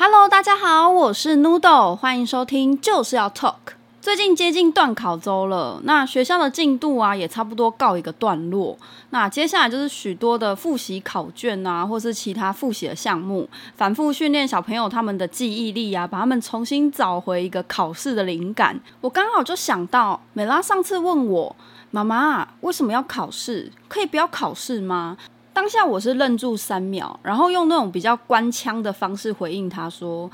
Hello，大家好，我是 Noodle，歡迎收聽就是要 Talk。最近接近段考週了，那學校的進度啊也差不多告一個段落，那接下來就是許多的復習考卷啊，或是其他復習的項目，反復訓練小朋友他們的記憶力啊，把他們重新找回一個考試的靈感。我剛好就想到，美拉上次問我，媽媽，為什麼要考試？可以不要考試嗎？當下我是愣住三秒，然後用那種比較官腔的方式回應他說：“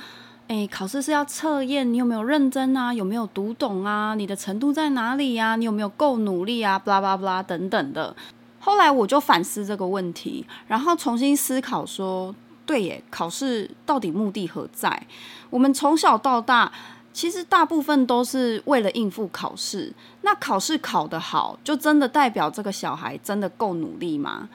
哎，考試是要測驗你有沒有認真啊，有沒有讀懂啊，你的程度在哪裡啊？你有沒有夠努力啊，巴拉巴拉巴拉等等的。”後來我就反思這個問題，然後重新思考說：“對耶，考試到底目的何在？我們從小到大其實大部分都是為了應付考試。那考試考得好，就真的代表這個小孩真的夠努力嗎？”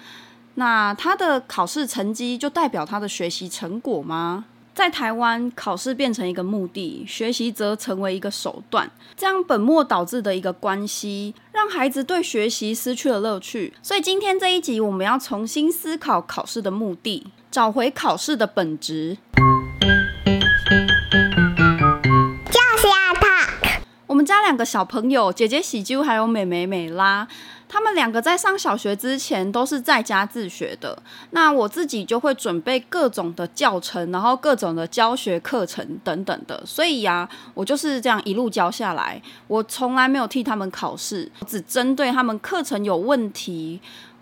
那他的考試成績就代表他的學習成果嗎？在台灣，考試變成一個目的，學習則成為一個手段，這樣本末倒置的一個關係，讓孩子對學習失去了樂趣。所以今天這一集，我們要重新思考考試的目的，找回考試的本質。就是要 TALK，我們家兩個小朋友，姐姐喜妞，還有妹妹美拉。他們兩個在上小學之前都是在家自學的，那我自己就會準備各種的教程，然後各種的教學課程等等的，所以呀，我就是這樣一路教下來，我從來沒有替他們考試，只針對他們課程有問題。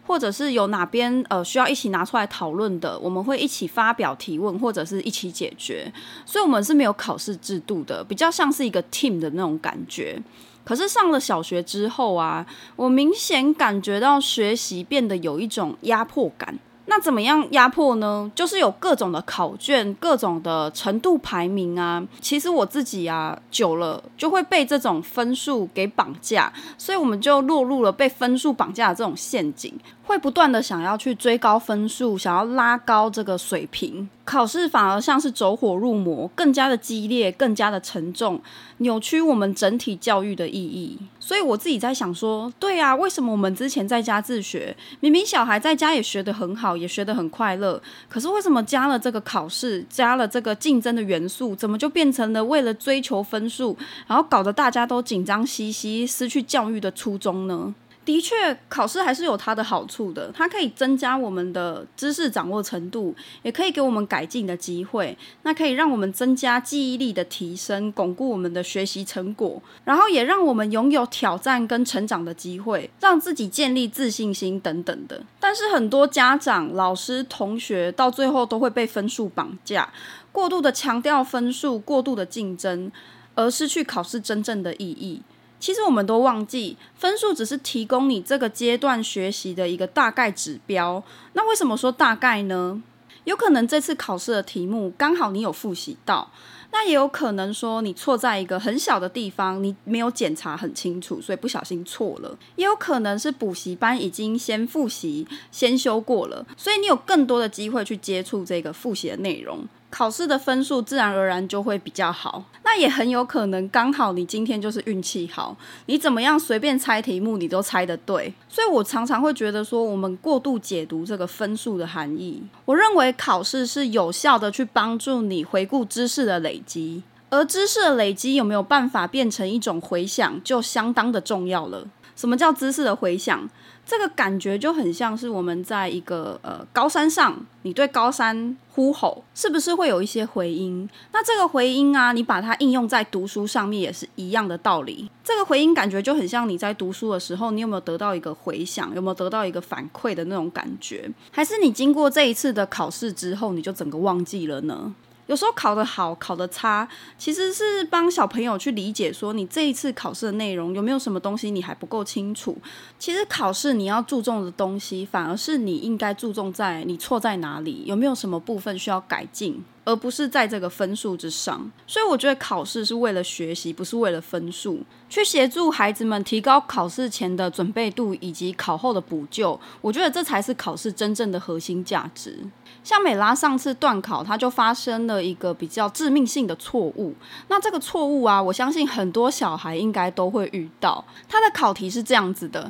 或者是有哪邊呃需要一起拿出來討論的，我們會一起發表提問或者是一起解決，所以，我們是沒有考試制度的，比較像是一個 team 的那種感覺。可是上了小學之後啊，我明顯感覺到學習變得有一種壓迫感。那怎麼樣壓迫呢？就是有各種的考卷、各種的程度排名啊。其實我自己啊，久了就會被這種分數給綁架，所以我們就落入了被分數綁架的這種陷阱。會不斷的想要去追高分數，想要拉高這個水平，考試反而像是走火入魔，更加的激烈，更加的沉重，扭曲我們整體教育的意義。所以我自己在想說，對啊，為什麼我們之前在家自學，明明小孩在家也學得很好，也學得很快樂，可是為什麼加了這個考試，加了這個競爭的元素，怎麼就變成了為了追求分數，然後搞得大家都緊張兮兮，失去教育的初衷呢？的確，考試還是有它的好處的。它可以增加我們的知識掌握程度，也可以給我們改進的機會。那可以讓我們增加記憶力的提升，鞏固我們的學習成果，然後也讓我們擁有挑戰跟成長的機會，讓自己建立自信心等等的。但是，很多家長、老師、同學到最後都會被分數綁架，過度的強調分數，過度的競爭，而失去考試真正的意義。其實我們都忘記，分數只是提供你這個階段學習的一個大概指標。那為什麼說大概呢？有可能這次考試的題目剛好你有複習到，那也有可能說你錯在一個很小的地方，你沒有檢查很清楚，所以不小心錯了。也有可能是補習班已經先複習、先修過了，所以你有更多的機會去接觸這個複習的內容，考試的分數自然而然就會比較好。那也很有可能，剛好你今天就是運氣好，你怎麼樣隨便猜題目，你都猜得對。所以我常常會覺得說，我們過度解讀這個分數的含義。我認為考試是有效的去幫助你回顧知識的累積，而知識的累積有沒有辦法變成一種回想，就相當的重要了。什麼叫知識的回響？這個感覺就很像是我們在一個呃高山上，你對高山呼吼，是不是會有一些回音？那這個回音啊，你把它應用在讀書上面也是一樣的道理。這個回音感覺就很像你在讀書的時候，你有沒有得到一個回響？有沒有得到一個反饋的那種感覺？還是你經過這一次的考試之後，你就整個忘記了呢？有時候考得好，考得差，其實是幫小朋友去理解說，你這一次考試的內容有沒有什麼東西你還不夠清楚。其實考試你要注重的東西，反而是你應該注重在你錯在哪裡，有沒有什麼部分需要改進。而不是在這個分數之上，所以我覺得考試是為了學習，不是為了分數。去協助孩子們提高考試前的準備度以及考後的補救，我覺得這才是考試真正的核心價值。像美拉上次段考，他就發生了一個比較致命性的錯誤。那這個錯誤啊，我相信很多小孩應該都會遇到。他的考題是這樣子的，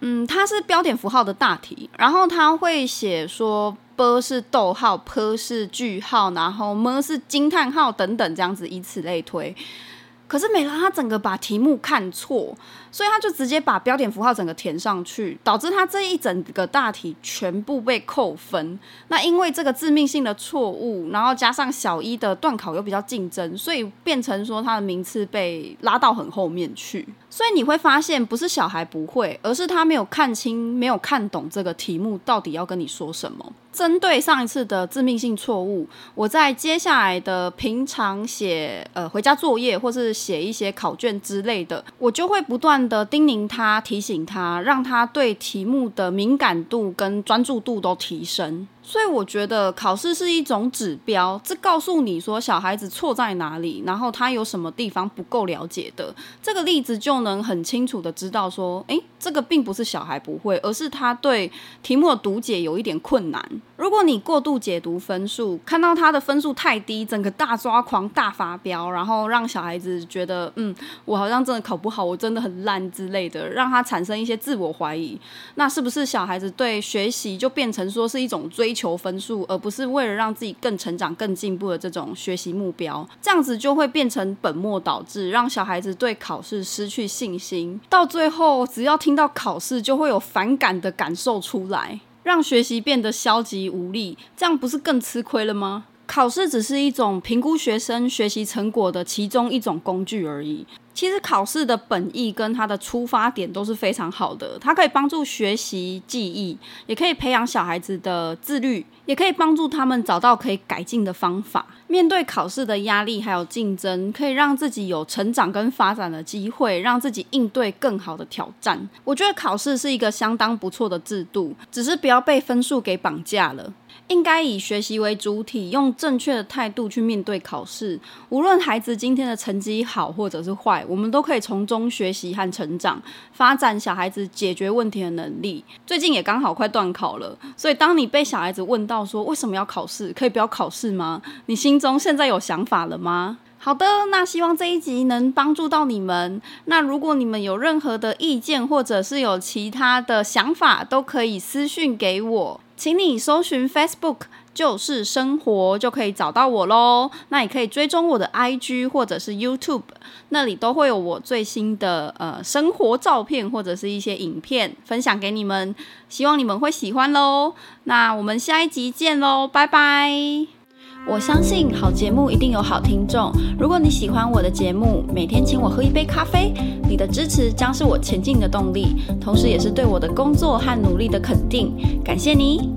嗯，它是標點符號的大題，然後他會寫說。波是逗號，坡是句號，然後麼是驚嘆號等等，這樣子，以此類推。可是美拉他整個把題目看錯，所以他就直接把標點符號整個填上去，導致他這一整個大題全部被扣分。那因為這個致命性的錯誤，然後加上小一的段考又比較競爭，所以變成說他的名次被拉到很後面去。所以你會發現，不是小孩不會，而是他沒有看清、沒有看懂這個題目到底要跟你說什麼。針對上一次的致命性錯誤，我在接下來的平常寫呃回家作業或是。寫一些考卷之類的，我就會不斷的叮嚀他、提醒他，讓他對題目的敏感度跟專注度都提升。所以我覺得考試是一種指標，這告訴你說小孩子錯在哪裡，然後他有什麼地方不夠了解的。這個例子就能很清楚的知道說，誒，這個並不是小孩不會，而是他對題目的讀解有一點困難。如果你過度解讀分數，看到他的分數太低，整個大抓狂、大發飆，然後讓小孩子覺得，嗯，我好像真的考不好，我真的很爛之類的，讓他產生一些自我懷疑。那是不是小孩子對學習就變成說是一種追求分數，而不是為了讓自己更成長、更進步的這種學習目標，這樣子就會變成本末倒置，讓小孩子對考試失去信心，到最後只要聽到考試就會有反感的感受出來，讓學習變得消極無力，這樣不是更吃虧了嗎？考試只是一種評估學生學習成果的其中一種工具而已。其實考試的本意跟它的出發點都是非常好的，它可以幫助學習記憶，也可以培養小孩子的自律，也可以幫助他們找到可以改進的方法。面對考試的壓力還有競爭，可以讓自己有成長跟發展的機會，讓自己應對更好的挑戰。我覺得考試是一個相當不錯的制度，只是不要被分數給綁架了。應該以學習為主體，用正確的態度去面對考試。無論孩子今天的成績好或者是壞，我們都可以從中學習和成長，發展小孩子解決問題的能力。最近也剛好快段考了，所以當你被小孩子問到說為什麼要考試，可以不要考試嗎？你心中現在有想法了嗎？好的，那希望這一集能幫助到你們。那如果你們有任何的意見，或者是有其他的想法，都可以私訊給我。請你搜尋 Facebook 就是生活，就可以找到我嘍。那你可以追蹤我的 IG 或者是 YouTube，那裡都會有我最新的，呃，生活照片或者是一些影片分享給你們，希望你們會喜歡嘍。那我們下一集見嘍，拜拜。我相信好節目一定有好聽眾。如果你喜歡我的節目，每天請我喝一杯咖啡，你的支持將是我前進的動力，同時也是對我的工作和努力的肯定。感謝你。